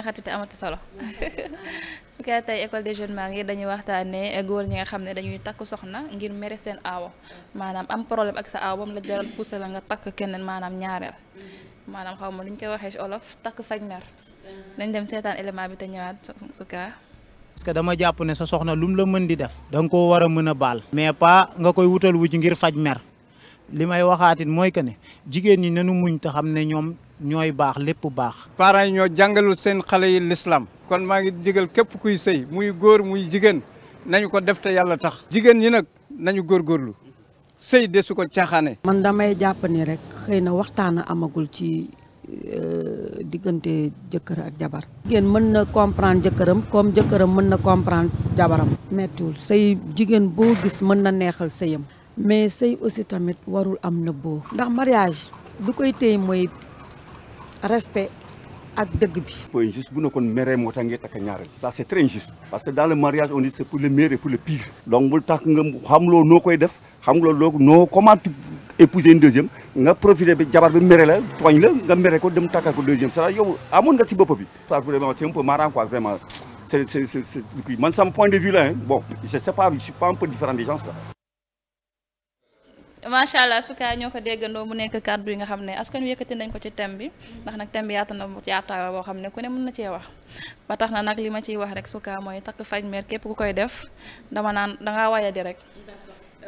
neexati te amati solo su ko tey école des jeunes mariés dañuy waxtaanee góor ñi nga xam ne dañuy takk soxna ngir mere seen aawo maanaam am problème ak sa aaw bam la jaral poussé la nga takk keneen maanaam ñaareel maanaam xaw ma lu ñu koy waxee ci olof takk faj mer dañ dem seetaan élément bi te ñëwaat su ka parce que dama jàpp ne sa soxna lu la mën di def da nga koo war a mën a baal mais pas nga koy wutal wujj ngir faj mer li may mooy que jigéen ñooy baax lépp baax. parents yi ñoo jàngalul seen xale yi l'islam kon maa ngi jigal képp kuy sëy muy góor muy jigéen nañu ko def te yàlla tax. jigéen ñi nag nañu góorgóorlu sëy de su ko caaxaane. man damay jàpp ni rek xëy na waxtaan amagul ci. Euh, diggante jëkkër ak jabar. jigéen mën na comprendre jëkkëram comme jëkkëram mën na comprendre jabaram. mettiwul sëy jigéen boo gis mën na neexal sëyam. mais sëy aussi tamit warul am na boo. ndax mariage du koy téye mooy respect ak dëgg bi. c'est injuste bu nekkoon mère moo tax ngay takk ñaareel. ça c'est très injuste. parce que dans le mariage on dit c'est pour le meilleur et pour le pire. donc bul tax nga xamuloo noo koy def xamuloo loo noo comment épouser une deuxième nga profiter bi jabar bi mere la tooñ la nga mere ko dem takkal ko deuxième cest yow amoon nga ci bopp bi. ça vraiment c'est un peu vraiment c'est c'est c'est de vue là macha allah su ñoo ko déggandoo mu nekk kàddu yi nga xam ne askan wi yëkkati nañ ko ci thème bi ndax nag tem bi yaata na yaataawa boo xam ne ku ne mën na cee wax ba tax na nag li ma ciy wax rek su kaay mooy takk faj meer képp ku koy def dama naan dangaa waye di rek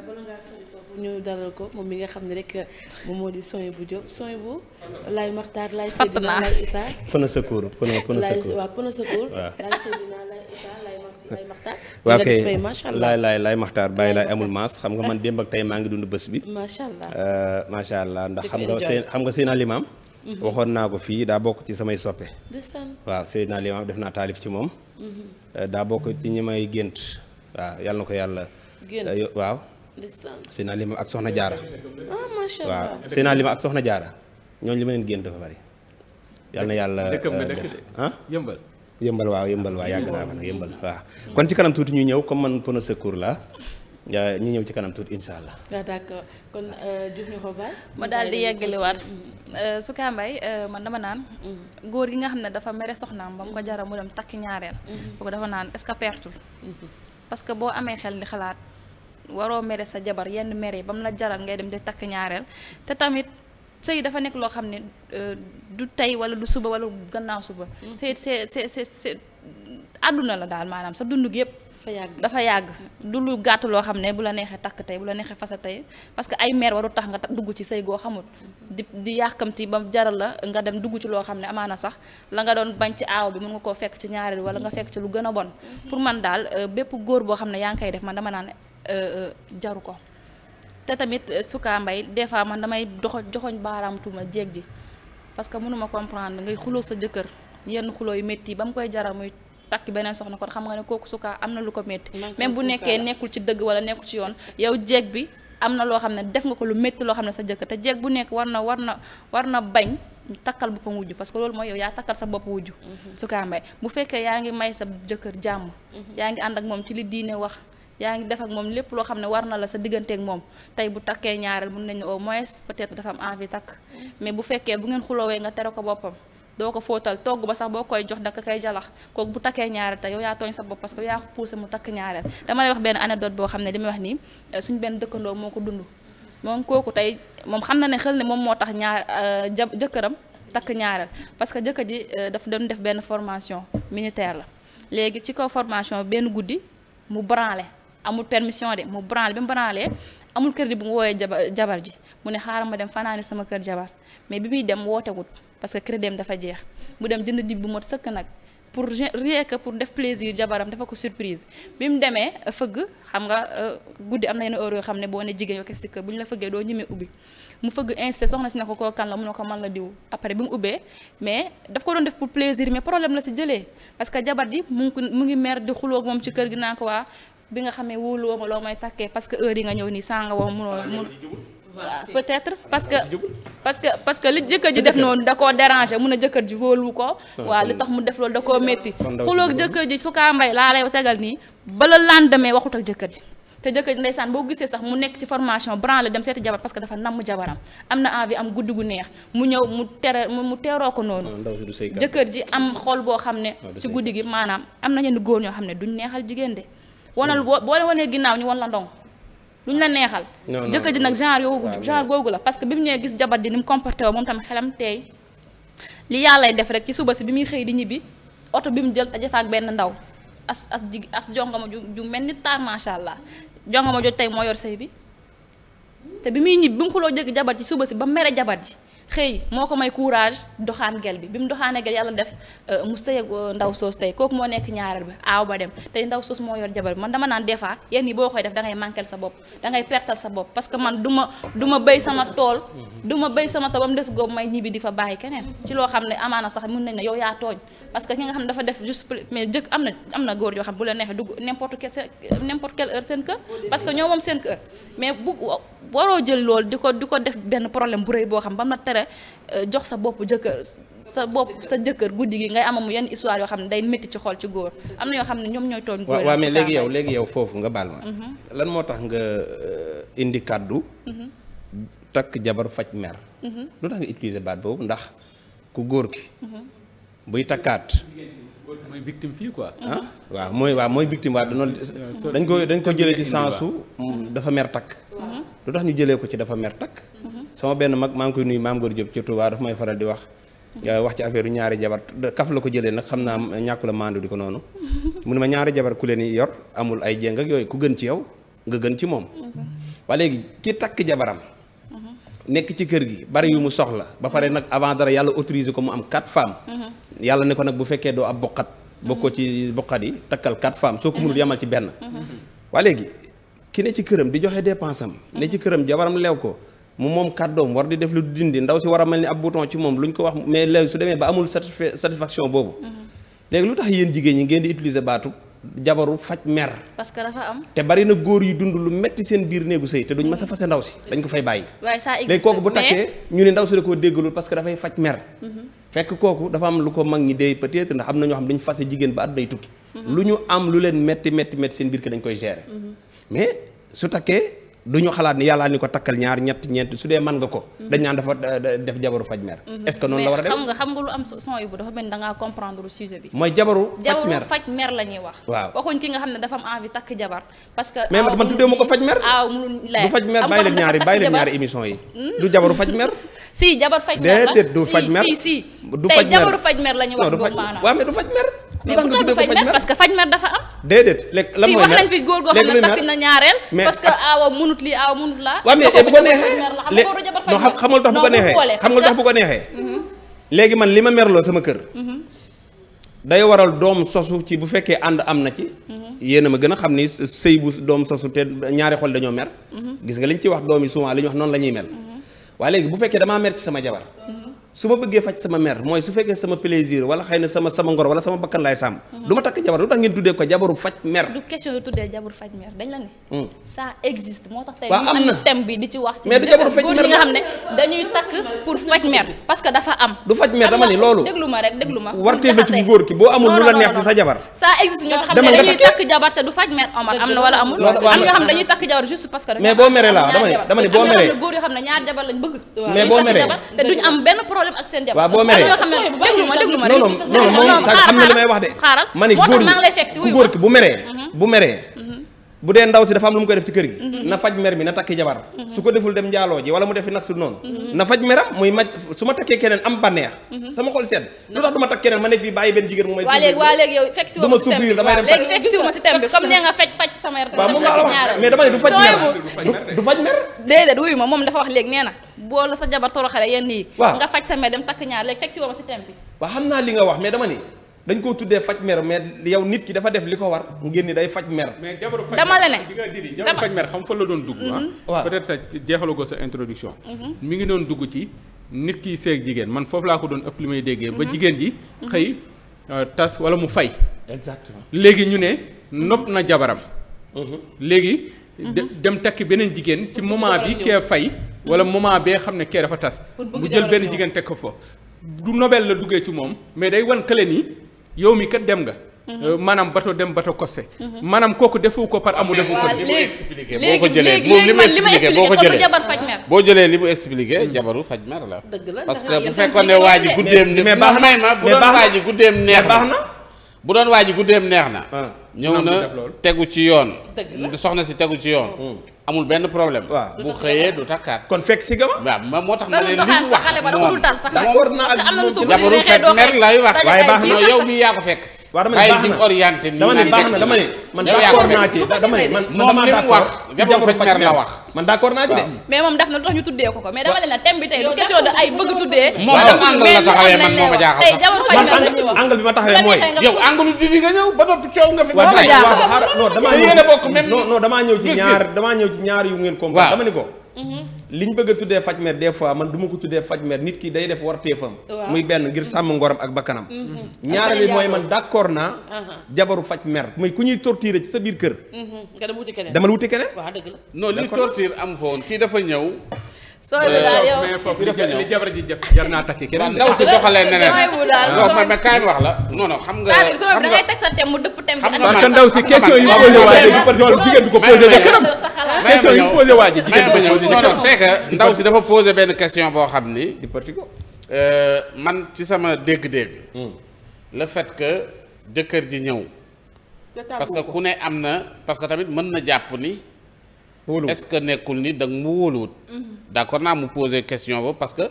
bala ko moom mi nga xam ne rek moo di soñ bu Diop soñ bu laay maxtaar laay Seydina laay Issa pneu waaw kay laay laay laay maxtaar bàyyi laay amul maas xam nga man démb ak tey maa ngi dund bés bi macha allah euh, ndax xam nga seen xam nga seen alimaam mhm. waxoon naa ko fii daa bokk ci samay soppe waaw Seydina Limaam def naa taalif ci moom mhm. euh, daa bokk ci ñi may gént waaw yàlla na ko yàlla euh, waaw Seydina Limaam ak Soxna Jaara ah, waaw Seydina Limaam ak Soxna Jaara ñooñu li ma leen gént dafa bari yàlla na yàlla def ah yëmbal waaw yëmbal waaw yàgg naa fa nag yëmbal waaw kon ci kanam tuuti ñu ñëw comme man pneu secours la ñu ñëw ci kanam tuuti incha allah. Ah, euh, ko bàyyi ma daal di yeggaliwaat su kaa mbay man dama naan. Mm-hmm. góor gi nga xam ne dafa mere soxnaam ba mu ko mm-hmm. jara mu dem takk ñaareel. Mm-hmm. kooku dafa naan est-ce que pertul. parce que boo amee xel di xalaat waroo mere sa jabar yenn mere ba mu la jaral ngay dem di takk ñaareel te tamit. sëy dafa nekk loo xam ne euh, du tey wala du suba wala gannaaw suba. Mm-hmm. c'est c'est àdduna la daal maanaam sa dund gi yëpp. dafa yàgg dafa yàgg du lu gàtt loo xam ne bu la neexee takk tey bu la neexee fasa tey parce que ay mère waru tax nga dugg ci sëy goo xamul. Mm-hmm. di di yàkkamti ba jaral la nga dem dugg ci loo xam ne amaana sax la nga doon bañ ci aaw bi mën nga koo fekk ci ñaareel wala nga fekk ci lu gën a bon. Mm-hmm. pour man daal euh, bépp góor boo xam ne yaa ngi koy def man dama naan euh, jaru ko. te tamit euh, Souka Mbaye des fois man damay doxo joxoñ baaraam jeeg ji parce que mënuma comprendre ngay xuloo sa jëkkër yenn xuloo yi yu yi ba mu koy jaral muy takk beneen soxna kon xam nga ne kooku Souka am na lu ko métti même bu nekkee nekkul ci dëgg wala nekku ci yoon yow jéeg bi am na loo xam ne def nga ko lu métti loo xam ne sa jëkkër te jeeg bu nekk war na war na war na bañ takkal boppam wujju parce que loolu mooy yow yaa takkal sa bopp wujju mhm. suka Mbaye bu fekkee yaa ngi may sa jëkkër jàmm mhm. yaa ngi ànd moom ci li diine wax yaa ngi def ak moom lépp loo xam ne war na la sa digganteeg moom tey bu takkee ñaareel mën nañu au moins peut-être dafa am envie takk mais bu fekkee bu ngeen xuloowee nga tere ko boppam doo ko fóotal togg ba sax boo koy jox danga koy jalax kooku bu takkee ñaareel te yow yaa tooñ sa bopp parce que yaa ko poussé mu takk ñaareel dama lay wax benn anecdote boo xam ne li muy wax nii euh, suñ benn dëkkandoo moo ko dund moom kooku tey moom xam na ne xel ne moom moo tax ñaar euh, ja jëkkëram takk ñaareel parce que jëkkër ji euh, daf doon def benn formation militaire la léegi ci kaw formation benn guddi mu branlé amul permission de mu branle bi mu branlee amul crédit bu mu woowee jabar jabar ji mu ne xaaral ma dem fanaani sama kër jabar mais bi muy dem wootegut parce que crédit am dafa jeex mu dem jënd di bu mot sëkk nag pour rien pour def plaisir jabaram dafa ko surprise bi mu demee fëgg xam nga euh, guddi am ne boo ne jigéen la fëggee doo ñemee ubbi mu fëgg insisté soxna si ne ko koo kan la mu ne ko man la diw après bi mu ubbee mais daf ko doon def pour plaisir mais problème la si jëlee parce que jabar ji mu ngi mu ngi mer di xuloo moom ci kër gi naa ko waa bi nga xamee wóoluwoo ma loo may takkee parce que heure yi nga ñëw nii saa nga wax munoo mun waaw peut parce que parce que parce que li jëkkër ji def noonu da koo déranger mun a jëkkër ji wóolu ko waaw ah, li tax mu def loolu da koo metti xuloog jëkkër ji su kaa mbay laa lay tegal nii ba la lendemain waxut ak jëkkër ji te jëkkër ji ndeysaan boo gisee sax mu nekk ci formation branle dem seeti jabar parce que dafa namm jabaram am na envie am guddi gu neex mu ñëw mu tere mu teeroo ko noonu ah, jëkkër ji am xol boo xam ne ah, ci guddi gi maanaam am na ñenn góor ñoo xam ne duñ neexal jigéen de wanal boo boo la wanee ginnaaw ñu wan la ndong ñu la neexal jëkkër ji nag genre yoogu genre googu la parce que bi mu ñee gis jabar ji ni mu comporté woo moom tamit xelam teey li yàllay def rek ci suba si bi muy xëy di ñibbi oto bi mu jël tajafa ak benn ndaw as as jig as jongoma ju ju mel ni taar macha allah jongoma joj tey moo yor sëy bi te bi muy ñibbi bi mu xuloo jëkk jabar ji suba si ba mere jabar ji xëy moo ko may courage doxaan gel bi bi mu doxaanee gel yàlla def euh, mu sëy ak ndaw soos tey kooku moo nekk ñaareel ba aaw ba dem tey ndaw soos moo yor jabar bi man dama naan des fois yenn yi boo koy def dangay ngay manquel sa bopp da ngay pertal sa bopp parce que man du ma sama tool du ma béy sama tool ba mu des góob may ñibbi di fa bàyyi keneen ci loo xam ne amaana sax mun nañ ne yow yaa tooñ parce que ki nga xam ne dafa def juste mais jëkk am na am na góor yoo xam bu la parce que ñoo moom seen kër mais waroo jël loolu di ko di ko def benn problème bu rëy boo xam ba ma tere euh, jox sa bopp jëkkër sa bopp sa jëkkër guddi gi ngay amamu yenn histoire yoo xam ne day métti ci xol ci góor am na yoo xam ne ñoom ñooy tooñ góor waaw mais mhm. moo tax nga euh, indi kàddu mhm. takk jabar faj mer mhm. lu tax nga utiliser baat boobu ndax ku góor ki buy takkaat mooy victime fii quoi. ah waaw mooy waaw mooy victime waaw dañ ko dañ ko jëlee ci sensu dafa mer takk lu tax ñu jëlee ko ci dafa mer takk sama benn mag maa ngi koy nuyu maam Góor Diop ci Touba dafa may faral di wax euh, wax ci affaire yu ñaari jabar kaf la ko jëlee nag xam naa ñàkku la mandu di ko noonu mu ne ma ñaari jabar ku leen yor amul ay jéng ak yooyu ku gën ci yow nga gën ci moom waa léegi ki takk jabaram mhm. nekk ci kër gi bari yu mu soxla ba pare mhm. nag avant dara yàlla autorisé ko mu am quatre femmes mhm. yàlla ne ko nag bu fekkee doo ab bokkat bokkoo ci bokkat yi takkal quatre femmes soo ko mënul ci benn waa léegi ki ne ci këram di joxe dépense am ne ci këram jabaram leew ko mu moom kàddoom war di def lu dindi ndaw si war a mel ni ab bouton ci moom lu ñu ko wax mais léegi su demee ba amul satisfaction boobu léegi lu tax yéen jigéen ñi ngeen di utiliser baatu jabaru faj mer parce que dafa am te bari na góor yi dund lu metti seen biir néegu sëy te duñ ma a fase ndaw si dañ ko fay bàyyi léegi kooku bu takkee ñu ne ndaw si da koo déggalul parce que dafay faj mer mhm. fekk kooku dafa am lu ko mag ñi dee peut-être am na ñoo xam dañu fase jigéen ba àddunay tukki mhm. lu ñu am lu leen metti metti seen biir dañ koy gérer mhm. mais su takkee du ñu xalaat ni yàllaa ni ko takkal ñaar ñett ñeent su dee mën nga ko. Mm-hmm. dañ naan dafa def jabaru faj mer. Mm-hmm. est-ce que noonu la am son yu bu dafa mel da ngaa comprendre sujet bi. ñuy wax. waaw waxuñ ki nga xam ne dafa am envie takk jabar. parce que mais man tuddee ma ko faj mer. ah mu du faj mer bàyyi leen ñaari bàyyi ñaari émission yi. Mm. du jabaru faj mer. si jabar faj mer la déedéet du faj mer si si si. du faj mer tey jabaru faj mer la ñuy wax. du faj mer mais pourtant du faj mer parce que faj mer dafa am. déedéet lekk la mooy mer fii wax nañ fi xam ñaareel. parce que ah, lii aawa munut laa. waaw mais bu ko neexee xam nga ko neexee xam nga tax bu ko neexee. léegi man li ma merloo sama kër. Mm-hmm. day waral doom sosu ci bu fekkee ànd am na ci. Mm-hmm. yéen a ma gën a xam ni sëy bu doom sosu te ñaari xol dañoo mer. Mm-hmm. gis nga liñ ci wax doom yi souvent li ñu wax noonu la ñuy mel. waaye léegi bu fekkee damaa mer ci sama jabar su ma bëggee faj sama mer mooy su fekkee sama plaisir wala xëy na sama sama ngor sama bakkan laay mhm. du ma takk jabar lu tax ngeen tuddee ko jabaru faj mer. du question yu tuddee jabaru faj mer hmm. am na thème bi di wax. mais du jabaru faj parce que dafa am. du faj mer dama ni loolu. déglu ma rek déglu ma. war tee la ci góor ki boo amul lu la neex ci sa jabar. ça existe ñoo xam ne dañuy takk jabar te du faj mer Omar am na wala amul. am nga xam ne dañuy takk jabar juste parce que. mais boo problème ak seen jabar. waaw boo meree déglu ma déglu ma non non moom xam na li may wax de. xaaral moo tax maa ngi lay fekk si wuyu ma ku góor ki bu meree mm-hmm. bu meree bu dee ndaw si dafa am lu mu koy def ci kër gi mhm. na faj mer mi na takki jabar mhm. su ko deful dem njaaloo ji wala mu def fi nag su noonu mhm. na faj meram muy maj su ma takkee keneen am bànneex sama xol sedd ma takk keneen ma ne fii bàyyi benn jigéen mu may léegi fekk si ma souffrir damay dem léegi fekk si ma si thème bi comme nee nga faj faj sama yar waaw moom laa la moom dafa wax léegi nee na boo sa jabar toroxale yenn yi nga faj sa mer dem takk ñaar léegi fekk si xam naa li nga wax mais dama ni dañ koo tuddee faj mer mais yow nit ki dafa def li ko war ngeen ni day faj mer. mais jabaru faj mer dama la ne di nga diri jabaru faj mer xam fa la doon dugg. Mhm. waaw peut être jeexalu ko sa introduction. Mhm. mi ngi doon dugg ci nit ki seeg jigéen man foofu laa ko doon ëpp li may déggee. ba mhm. jigéen ji xëy euh, tas wala mu fay. exactement léegi ñu ne nopp na jabaram. léegi. dem takki beneen jigéen ci moment bi kee fay. wala moment bee xam ne kee dafa tas. mu jël benn jigéen teg ko foofu. du nobel la duggee ci moom mais day wan kële yow mi kat dem nga. Mhm. Euh, maanaam bato dem bato Cossé. Mhm. maanaam kooku defu ko par amu defu ko. waaw boo ko léegi man li ma expliqué kon jabar faj mer. boo jëlee li mu expliqué mhm. jabaru faj mer la. dëgg la parce que bu fekkoon ne waa ji guddeem. mais baax na ma bu doon waa ji guddeem neex baax na. bu doon waa ji guddeem neex na. Ah. ñëw na tegu ci yoon. soxna si tegu ci yoon. Mm. amul benn problème. waaw bu xëyee du takkaat. kon fekk si gama. waaw moo tax ma ne li mu wax moom d'accord naa ak moom jabaru fekk mer lay wax. waaye baax na yow mii yaa ko fekk si. waaw dama ne baax na kay man d'accord naa ci dama man man damaa d'accord moom li mu wax jabaru fekk mer la wax. man d'accord naa ci de. mais moom daf na lu tax ñu tuddee ko ko mais dama leen la thème bi tey du question de ay bëgg tuddee. moom tam angle la moo ma jaaxal tey jamono taxawee mooy. yow angle bi bi nga ñëw ba noppi coow nga fi. waaw waaw non damaa ñëw ci ñaar damaa ñëw ci ñaar yu ngeen comprendre dama ni ko li ñu bëgg a tuddee faj mer des fois man du ma ko tuddee faj mer nit ki day def war téefam muy benn ngir sàmm ngorom ak bakkanam mm-hmm. Mm-hmm. ñaareel bi mooy man d'accord na uh-huh. jabaru faj mer muy ku ñuy torturer ci sa biir kër mm-hmm. nga dem wuti keneen demal wuti keneen waaw dëgg la non li torture kii dafa ñëw sooy bu daal yow mais jabar ji jëf jar naa takki keneen ndaw si doxalee neneen man ma kaay wax la non xam nga c'est-à-dire sooy sa thème mu dëpp thème bi parce que ndaw si question yi posé waa ji jigéen du ko posé jëkkëram question yi posé waa ji ndaw si dafa pose benn question boo xam ni di partico euh, man ci sama dégg-dégg hmm. le fait que jëkkër ji ñëw parce que ku ne am na parce que tamit mën na jàpp ni est-ce que nekkul ni da nga mu wóoluwut. Mm-hmm. d'accord naa mu poser question ba parce que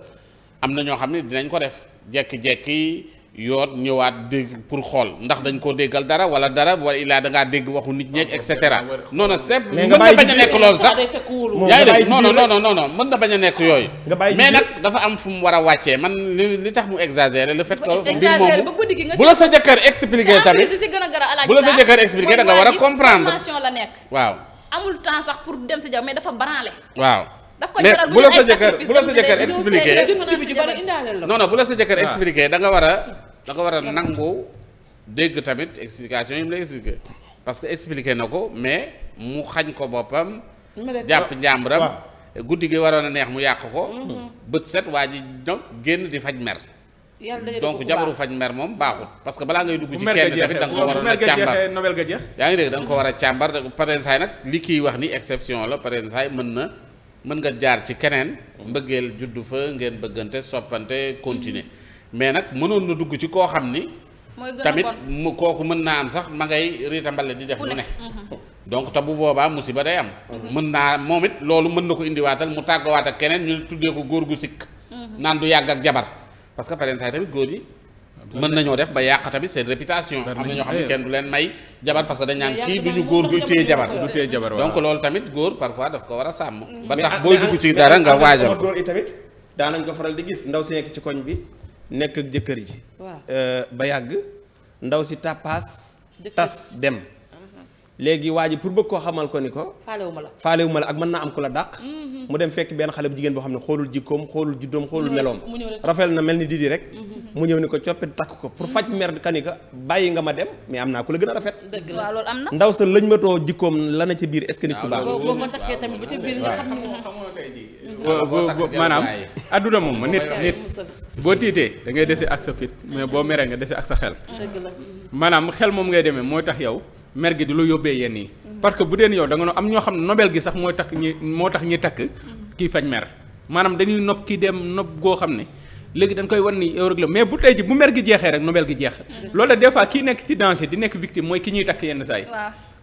am na ñoo xam ne dinañ ko def jekki-jekki yoot ñëwaat dégg pour xool ndax dañ koo déggal dara wala dara wala illaa da ngaa dégg waxu nit ñeeg et cetera ah, non mën na bañ a nekk loolu sax yaa ngi dégg non non non mën na bañ a nekk ah, yooyu mais nag dafa am fu mu war a wàcce man li li tax mu exagéré le fet que mbir moomu bu la sa jëkkër expliqué tamit bu la sa jëkkër expliqué da nga war a comprendre waaw amul temps sax pour dem sa jabar mais dafa branlé. waaw daf ko jaral bu la sa jëkkër bu la sa jëkkër expliqué non non bu la sa jëkkër expliqué da nga war a da nga war a nangu dégg tamit explication yi mu la expliqué parce que expliqué na ko mais mu xañ ko boppam. jàpp njàmburam guddi gi waroon a neex mu yàq ko. Mm-hmm. bët set waa ji ñoom génn di faj mer. donc jabaru faj mer moom baaxut parce que balaa ngay dugg ci kenn tamit da nga ko war a càmbar yaa ngi dégg da nga ko war a càmbar parensaay nag li kiy wax ni exception la ay mën na mën nga jaar ci keneen mbëggeel juddu fa ngeen bëggante soppante continuer mm-hmm. mais nag mënoon na dugg ci koo xam ni tamit kooku mën naa am sax ma ngay riita mbale di def lu ne mm-hmm. donc te bu boobaa musiba day am mm-hmm. mën naa moom it loolu mën na ko indiwaatal mu tàggawaat ak keneen ñu tuddee ko góor gu sikk naan du yàgg ak jabar parce que parrainage tamit góor yi mën nañoo def ba yàq tamit seen réputation am na ñoo xam ne eh. kenn du leen may jabar parce que dañ naan kii du ñu góor guy téye jabar donc loolu tamit góor parfois daf ko war a sàmm mm. ba tax ah, booy dugg ci dara nga waajal góor yi tamit daanañ ko faral di gis ndaw si nekk ci koñ bi nekk jëkkër ji euh, ba yàgg ndaw si tappaas tas dem léegi waa ji pour bëgg koo xamal ko ni ko faalewuma la faalewuma la ak mën naa am ku la dàq mhm. mu dem fekk benn xale bu jigéen boo xam ne xoolul jikkoom xoolul juddoom xoolul meloom rafet na mel ni didi rek mhm. mu ñëw ni ko coppet takk ko pour faj mhm. mer kanika bàyyi nga ma dem mais am naa ku la gën a rafet dëgg am ndaw sa lañ matoo jikkoom la na ci biir est-ce que nit ku baax boo ko takkee tamit ba ci biir nga xam ne maanaam adduna moom nit nit boo tiitee da ngay dese ak sa fit mais boo meree nga dese ak sa xel maanaam xel moom ngay demee mooy tax yow mergi gi di lu yóbbee yenn yi. Mhm. parce que bu deen yow da nga am ñoo xam ne nobel gi sax mooy takk ñi moo tax ñi takk. Mhm. kii fañ mer maanaam dañuy nopp kii dem nopp goo xam ne léegi dañ koy wan ni yow rek la mais bu tey ji bu mer gi jeexee rek nobel gi jeex. loolu la des fois kii nekk ci danger di nekk victime mooy ki ñuy takk yenn saa yi.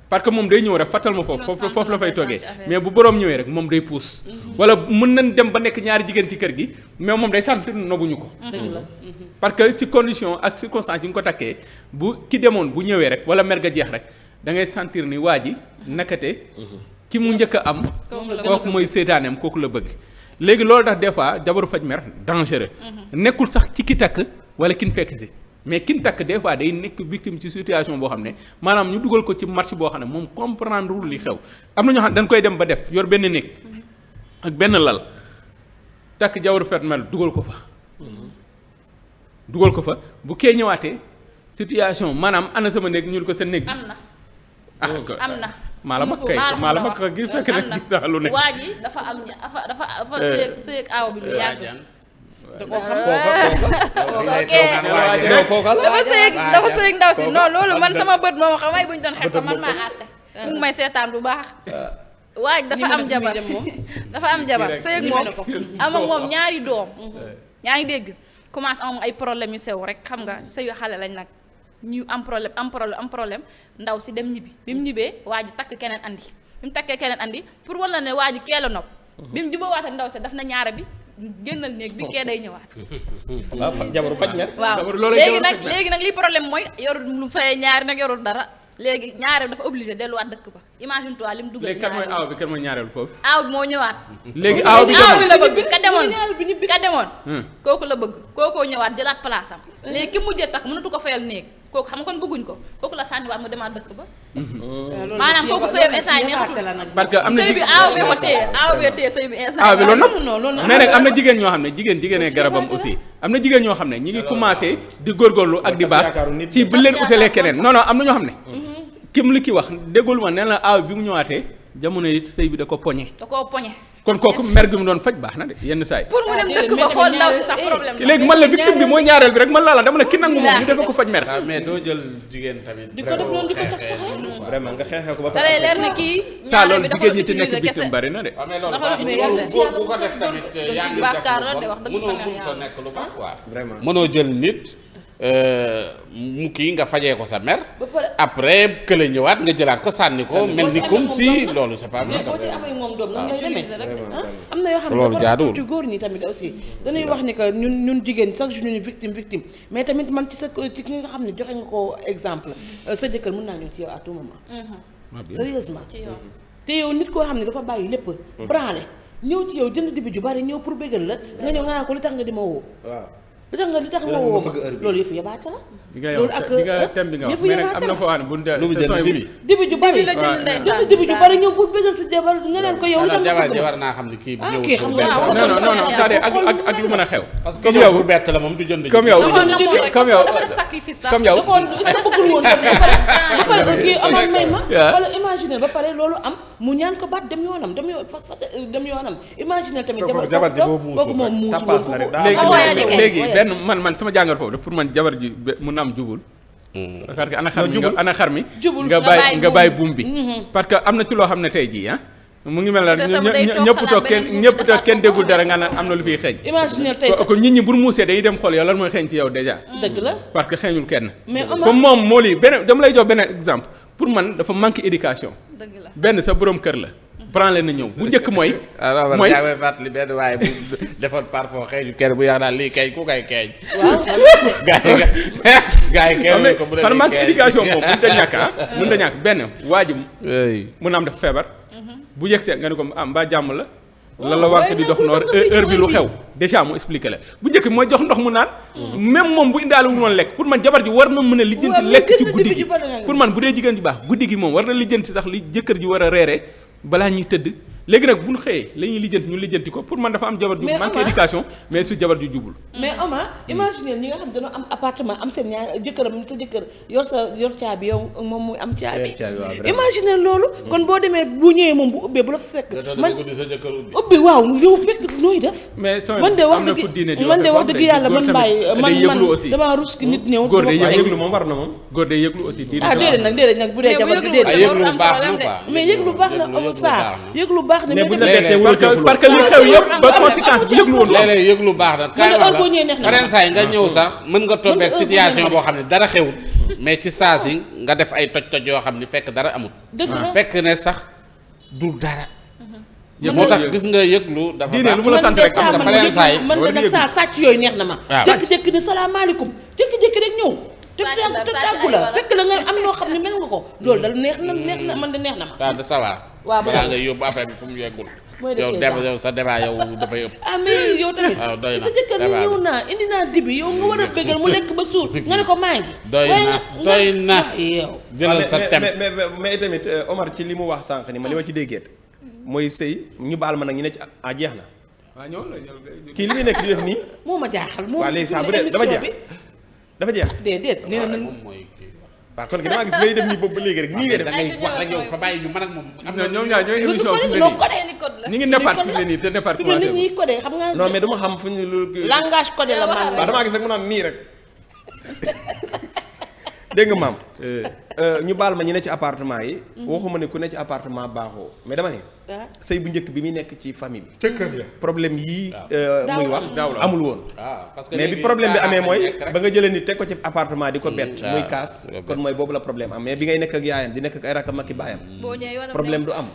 parce que moom day ñëw rek fàttal ma foofu foofu la fay toogee mais bu boroom ñëwee rek moom day puus mhm. wala mën nañ dem ba nekk ñaari jigéen ci kër gi mais moom day sant nobuñu ko mhm. mhm. parce que ci condition ak circonstance yi nga ko takkee bu ki demoon bu ñëwee rek wala mer ga jeex rek dangay ngay sentir ni waa ji nakate ki mu njëkk a am kooku mooy seytaaneem kooku la bëgg léegi loolu tax des fois jabaru faj mer dangereux nekkul sax ci ki takk wala kin fekk si mais kin takk des fois day nekk victime ci situation boo xam ne maanaam ñu dugal ko ci marché boo xam ne moom comprendre li xew am na ñoo xam ne dañ koy dem ba def yor benn néeg ak benn lal takk jawaru fermel dugal ko fa dugal ko fa bu kee ñëwaatee situation maanaam ana sama néeg ñul ko sa néeg am na ah, oh. am na maa la mag kay maa la mag kay gi fekk na gis naa lu ne waa ji dafa am dafa dafa sëyeeg eh. sëyeeg aaw bi lu eh. yàgg dafa sëy dafa sëy ndaw si non loolu man sama bët moom xam ay bu ñu doon xeex sax man maa àtte mu may seetaan bu baax waaj dafa am jabar dafa am jabar sëy moom am moom ñaari doom ñaa ngi dégg commence am ay problème yu sew rek xam nga sëyu xale lañ nag ñu am problème am problème ndaw si dem ñibbi bi mu ñibbee waa ji takk keneen andi bi mu takkee keneen andi pour wala ne waa ji kee la nopp bi mu jubawaat ak ndaw si daf na ñaara bi génnal néeg bi kee day ñëwaat. waaw ah, jabaru faj na. waaw léegi nag léegi nag li problème mooy yorul lu fay ñaari nag yorul dara. léegi ñaareel dafa obligé delluwaat dëkk ba imagine toi lim dugal. léegi kan mooy aaw bi kan mooy ñaareelu foofu. aaw bi moo ñëwaat. léegi aaw bi la bëgg ka demoon ka demoon. Hmm. kooku la bëgg kookoo ñëwaat jëlaat place am. Hmm. léegi ki mujjee tax mënatu ko fayal néeg kooku xam nga kon bëgguñ ko kooku la sànniwaat mu demaat dëkk ba. Mm-hmm. Oh. maanaam kooku sëy bi yi neexatul parce que am na sëy am na jigéen ñoo xam ne jigéen jigéenee garabam aussi am na jigéen ñoo xam ne ñi ngi commencé di góorgóorlu ak di baax ci bu leen utalee keneen non am na ñoo xam ne mm-hmm. kim li ki wax déggul ma nee na aaw bi mu ñëwaatee jamono it sëy bi da ko poñe da koo poñe kon kooku mer gi mu doon faj baax na de yenn saa yi. pour mu dem ah, dëkk ba xool ndaw si sax problème léegi man la victime bi mooy ñaareel bi rek man laa la dem ne ki nangu moom ñu defee ko faj mer. waaw ah, mais jigéen tamit. di ko def loolu di xeexee ko ba. te lay leer na kii ñaareel doon jigéen ñi ci nekk victime bari na de. Ah, dafa doon utiliser góor bu ko def tamit yaa ngi def nekk lu baax waaw. vraiment mënoo jël nit Euh, mu kii nga fajee ko sa mer. après kële ñëwaat nga jëlaat ko sànni ko. mel ni comme si loolu sa pas bien. boo ci amee moom doom nan ah, ngay demee am na yoo xam ne dafa ci góor ñi tamit aussi. dañuy wax ni que ñun ñun jigéen chaque jour ñu victime victime mais tamit man ci sa ci ki nga xam ne joxe nga ko exemple euh, sa jëkkër mun naa ñëw ci yow à tout moment. Mm-hmm. Ah, sérieusement te yow nit koo xam ne dafa bàyyi lépp. Mm. branlé ñëw ci yow jënd dibi yu bari ñëw pour b la nga ñëw nga naan ko lu tax li tax nga li tax nga woo loolu yëfu yabaate la. loolu ak eh? yëfu yabaate la lu mu jënd dibi. dibi ju bari la jënd ndeysaan dibi ju bari ñëw pour bëggal sa jabar nga naan ko yow li tax nga ko jabar naa xam ne kii ah, xam nga non non non c'est-à-dire ak ak ak lu mën a xew. parce que yow bu bett la moom du jënd comme yow comme yow comme yow ba pare kii amal may ma wala imaginer ba pare loolu am mu ñaan ko baat dem yoonam dem yoo fas dem yoonam imaginer tamit jabar boobu moom muusu léegi benn man man sama jàngal foofu pour man jabar ji mun na am jubul. Mm. parce que ana xar mi ana xar mi. jubul nga bàyyi nga bàyyi buum bi. Mm-hmm. parce que am na ci loo xam ne tey jii ah, mu ngi mel na ne ñëpp toog kenn ñëpp toog kenn déggul dara nga naan am na lu fiy xeeñ. imaginer tey sax nit ñi bu nu muusee dañuy dem xool yow lan mooy xeeñ ci yow dèjà. Mm. dëgg la parce que xeeñul kenn. mais comme moom moo lii beneen dama lay jox beneen exemple pour man dafa manque éducation. dëgg la benn sa boroom kër la branle na ñëw bu njëkk mooy. mooy ah fàttali benn waaye defoon parfum xeeñu kenn bu yaakaar lii kay ku kay keeñ. waaw gaa yi yi bu la nii moom mënut a ñàkk ah mënut a ñàkk benn waa ji mun na am dafa feebar. Mhm. bu yegg see nga ne ko ah, mbaa jàmm la. lan la wànq di dox noor heure bi lu xew déjà mu expliqué la bu njëkk mooy jox ndox mu naan mhm. même moom bu indaalu wu noonu lekk pour man jabar ji war na mën a lijjanti lekk ci guddi gi pour man bu dee jigéen ji baax guddi gi moom war na lijjanti sax li jëkkër ji war a reeree bala ñuy tëdd léegi nag bu ñu xëyee la ñuy lijjanti ñu lijjanti ko pour man dafa am jabar ju manque éducation mais su jabar ju jubul mais Oma hmm. imaginez ñi nga xam dañoo am appartement am seen ñaar moom muy am caabi imaginez hmm. la fa man de wax dëgg yàlla man bàyyi man man damaa rus ki nit ñëw góor de yëglu moom war na moom góor de yëglu aussi ah, déedéet nag déedéet nag bu dee jabar bi déedéet mais yëglu baax na am saa yëglu baax baax ne mais buñ la bettee wóor jox parce que li xew yëpp ba conséquence bu yëglu woon léeg-léeg yëglu baax da kaaren saa nga ñëw sax mën nga tombeek situation boo xam ne dara xewul mais ci saa si nga def ay toj-toj yoo xam ne fekk dara amul fekk ne sax du dara moo tax gis nga yëglu dafa diine lu mu la sant rek parce que kaaren saa yi mën nga nag saa sàcc yooyu neex na ma jékki-jékki ni salaamaaleykum jékki-jékki rek ñëw te te tàggu la fekk la nga am noo xam ne mel nga ko loolu dal neex na neex na man de neex na ma. waaw de ça va. waaw balaa nga yóbbu affaire bi fu mu yeggul. mooy yow dem yow sa débat yow dafay ëpp. ah mais yow tamit. waaw ah, doy na sa jëkkër ni ñëw naa indi naa dibi yow nga war a bëggal mu lekk ba suur nga ne ko maa ngi. doy na doy na ah, yow. jëlal ah, sa tem mais mais mais tamit euh, Omar ci li mu wax sànq ni ma li ma ci déggee mooy sëy ñu baal ma nag ñu ne ci ah jeex na. waaw ñëw la kii li muy nekk di def nii. moo ma jaaxal moo ma dama jeex dafa jeex. déedéet nee na moom mooy. waaw kon damaa gis ngay def nii boobu ba léegi rek nii ngay def. da ngay wax rek yow ko bàyyi ñu mën ak moom. am na nii ngi départ fi ne nii te départ. fi ne nii codé xam nga. non mais dama xam fu ñu lu. ko codé la maanaam. waaw damaa gis nii rek. dégg nga maam. Eh. Euh, ñu baal ma ñu ne ci appartement yi. waxuma ne ku ne ci appartement baaxoo mais dama ne sëy bu njëkk bi muy nekk ci famille bi. ca kër ya problème yii. Euh, muy wax amul woon. Ah, parce que mais bi problème bi amee mooy ba nga jëlee nit te ko ci appartement di ko bett. Ah, muy kaas kon mooy boobu la problème am mais bi ngay nekk ak yaayam di nekk ak ay rakkam ak i baayam. Mm. problème du am.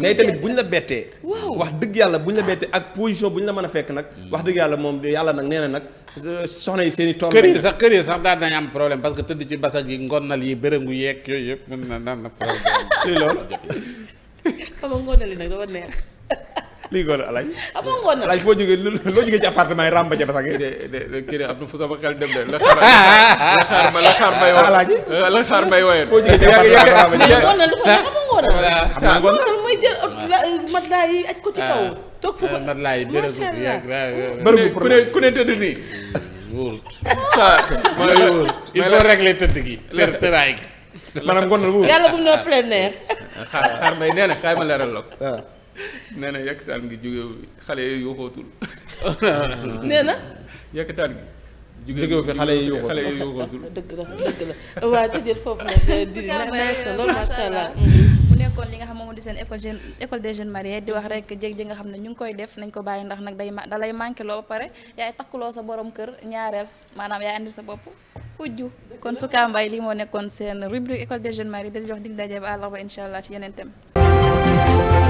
mais tamit bu ñu la bettee. wax dëgg yàlla bu ñu la bettee ak position bu ñu la mën a fekk nag. Mm. wax dëgg yàlla moom yàlla nag nee na nag euh, soxna yi seen i. tool kër yi sax kër yi sax daan nañ am problème parce que tëdd ci basag yi ngonal yi bërëngu yeeg yooyu yëpp xam nga ngoonali nag dafa neex. lii ngoon alaaj. xam nga ngoon alaaj foo jógee loo jógee ci appartement yi ràmba ja basang. kii de am na fu sama xel dem de la xaar ma la xaar may woon la xaar may woon. Euh, foo jógee ci appartement yi ràmba ja basang. xam nga ngoon la mooy jël matelas yi aj ko ci kaw. Ah. toog fu ko macha allah ku ne ku ne tëdd nii. wóorul. mooy ah, wóorul. il faut régler tëdd gi. tëdd tëraay gi. maanaam ngoon la wóorul. yàlla bu ñu plein air. xaar xaar mbay nee na kaay ma leeral la ko. waaw ah. nee na yàkkataan gi jógewu xale yi yuuxootul. nee na. yàkkataan gi. jógewu fi xale xale yi yuuxootul. dëgg la dëgg la waaw tëjël foofu nag. di na loolu macha allah. nekkoon li nga xam moom di seen école jeune école des jeunes mariés di wax rek jéeg ji nga xam ne ñu ngi koy def nañ ko bàyyi ndax nag day da lay manqué loo ba pare yaay takkuloo sa borom kër ñaareel maanaam yaay andi sa bopp wujju kon su kaambay lii moo nekkoon seen rubrique école des jeunes da di jox dig daje ba àllarba incha allah ci yeneen thème